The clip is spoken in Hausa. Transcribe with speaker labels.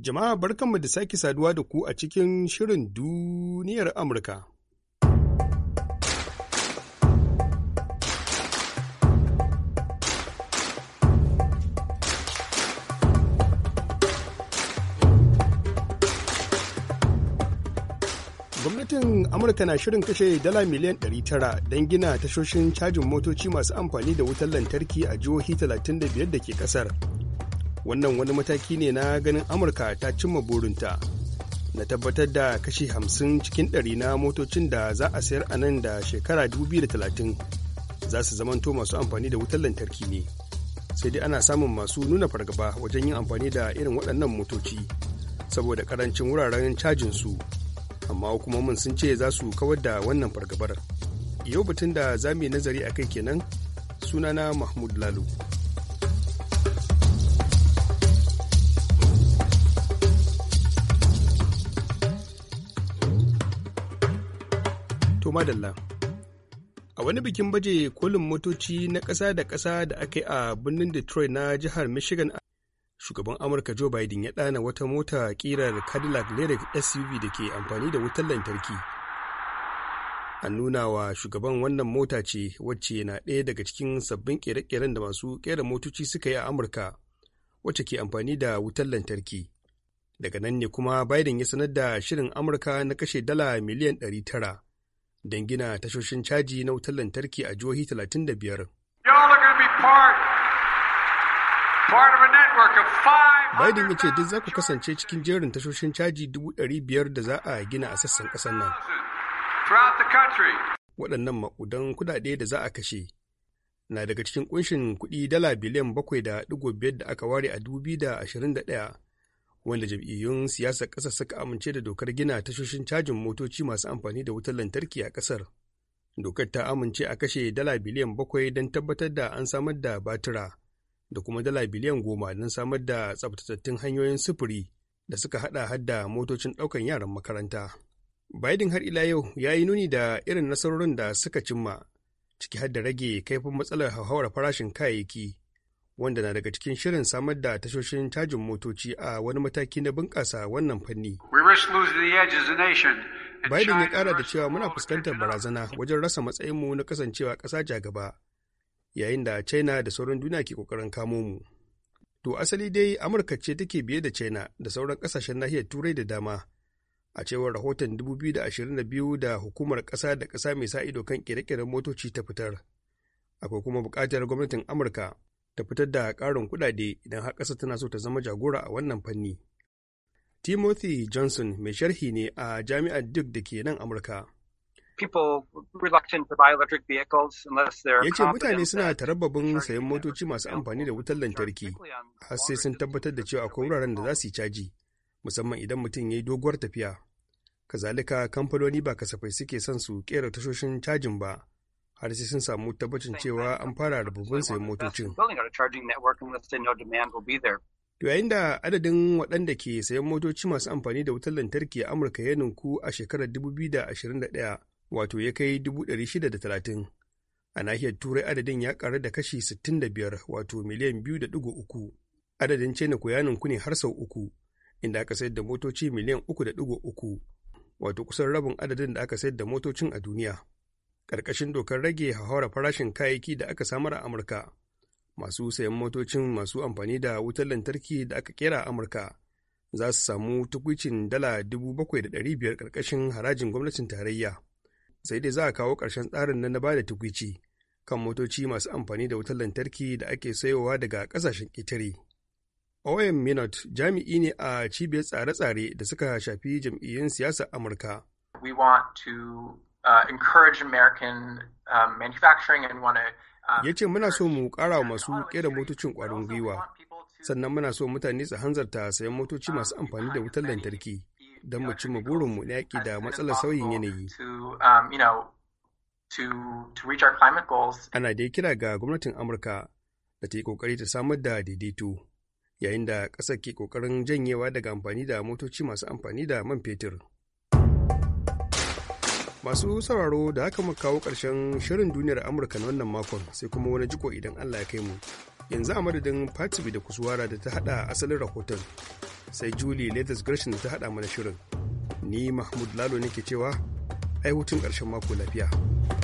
Speaker 1: Jama'a barkanmu da sake saduwa da ku a cikin shirin duniyar Amurka. Gwamnatin Amurka na shirin kashe dala miliyan 900 don gina tashoshin cajin motoci masu amfani da wutar lantarki a jihohi 35 da ke kasar. wannan wani mataki ne na ganin amurka ta cimma burinta na tabbatar da kashi hamsin cikin ɗari na motocin da za a sayar a nan da shekara 2030 za su zamanto masu amfani da wutar lantarki ne sai dai ana samun masu nuna fargaba wajen yin amfani da irin waɗannan motoci saboda karancin wuraren cajin su amma hukumomin sun ce za su kawar da wannan fargabar yau batun da za mu yi nazari a kai kenan sunana mahmud lalu madalla. A wani bikin baje kolin motoci na ƙasa da ƙasa da aka yi a birnin Detroit na jihar Michigan, shugaban Amurka Joe Biden ya ɗana wata mota ƙirar Cadillac Lyric SUV da ke amfani da wutar lantarki. A nuna wa shugaban wannan mota ce wacce na ɗaya daga cikin sabbin ƙere-ƙeren da masu ƙera motoci suka yi a Amurka, wacce ke amfani da wutar lantarki. Daga nan ne kuma Biden ya sanar da shirin Amurka na kashe dala miliyan ɗari tara. don gina tashoshin caji na wutar lantarki a jihohi 35. Biden ya ce duk za ku kasance cikin jerin tashoshin caji 500 da za a gina a sassan ƙasar nan. Waɗannan maƙudan kuɗaɗe da za a kashe na daga cikin ƙunshin kuɗi dala biliyan bakwai da da aka ware a 2021 wanda jam'iyyun siyasar ƙasa suka amince da dokar gina tashoshin cajin motoci masu amfani da wutar lantarki a ƙasar. Dokar ta amince a kashe dala biliyan bakwai don tabbatar da an samar da batira da kuma dala biliyan goma don samar da tsabtatattun hanyoyin sufuri da suka hada hadda motocin ɗaukan yaran makaranta. Biden har ila yau ya yi nuni da irin nasarorin da suka cimma, ciki har da rage kaifin matsalar hauhawar farashin kayayyaki wanda na daga cikin shirin samar da tashoshin cajin motoci a wani mataki na bunƙasa wannan fanni. Biden ya ƙara da cewa muna fuskantar barazana wajen rasa matsayinmu na kasancewa ƙasa ja gaba, yayin da China da sauran duniya ke ƙoƙarin kamo mu. To asali dai Amurka ce take biye da China da sauran ƙasashen nahiyar Turai da dama. A cewar rahoton 2022 da hukumar ƙasa da ƙasa mai sa ido kan ƙere-ƙeren motoci ta fitar. Akwai kuma buƙatar gwamnatin Amurka ta fitar da ƙarin kuɗaɗe idan har ƙasa tana so ta zama jagora a wannan fanni. Timothy Johnson mai sharhi ne a jami'ar Duke da ke nan Amurka. Ya ce mutane suna tarabbabin sayan motoci masu amfani da wutar lantarki har sai sun tabbatar da cewa akwai wuraren da za su yi caji, musamman idan mutum ya yi doguwar tafiya. Kazalika kamfanoni ba kasafai suke son su kera tashoshin cajin ba, har sai sun samu tabbacin cewa an fara rububin sayan motocin. To yayin da adadin waɗanda ke sayan motoci masu amfani da wutar lantarki a Amurka ya ninku a shekarar 2021 wato ya kai 630. A nahiyar Turai adadin ya ƙaru da kashi 65 wato miliyan 2.3. Adadin China ko ya ninku ne har sau uku, inda aka sayar da motoci miliyan 3.3 wato kusan rabin adadin da aka sayar da motocin a duniya. ƙarƙashin dokar rage hauhawar farashin kayayyaki da aka samar a Amurka. Masu sayan motocin masu amfani da wutar lantarki da aka kera a Amurka za su samu tukwicin dala dubu da biyar ƙarƙashin harajin gwamnatin tarayya. Sai dai za a kawo ƙarshen tsarin na na bada tukwici kan motoci masu amfani da wutar lantarki da ake sayowa daga ƙasashen ƙetare. Owen Minot jami'i ne a cibiyar tsare-tsare da suka shafi jam'iyyun siyasar Amurka. Uh, encourage American um, manufacturing and want to um, ya ce muna so mu ƙara wa masu ƙera motocin ƙwarin gwiwa sannan muna so mutane su hanzarta sayan motoci um, masu amfani da wutar lantarki don mu cimma burinmu na yaƙi da matsalar sauyin yanayi. Ana dai kira ga gwamnatin Amurka da ta yi ƙoƙari ta samar da daidaito yayin da ƙasar ke ƙoƙarin janyewa daga amfani da motoci masu amfani da man fetur. masu sauraro da aka muka kawo ƙarshen shirin duniyar amurka na wannan makon sai kuma wani jiko idan allah ya kai mu yanzu a madadin fatibi da kusuwara da ta hada asalin rahoton sai julie latest gershon da ta hada mana shirin ni mahmud lalo nake cewa ai hutun ƙarshen mako lafiya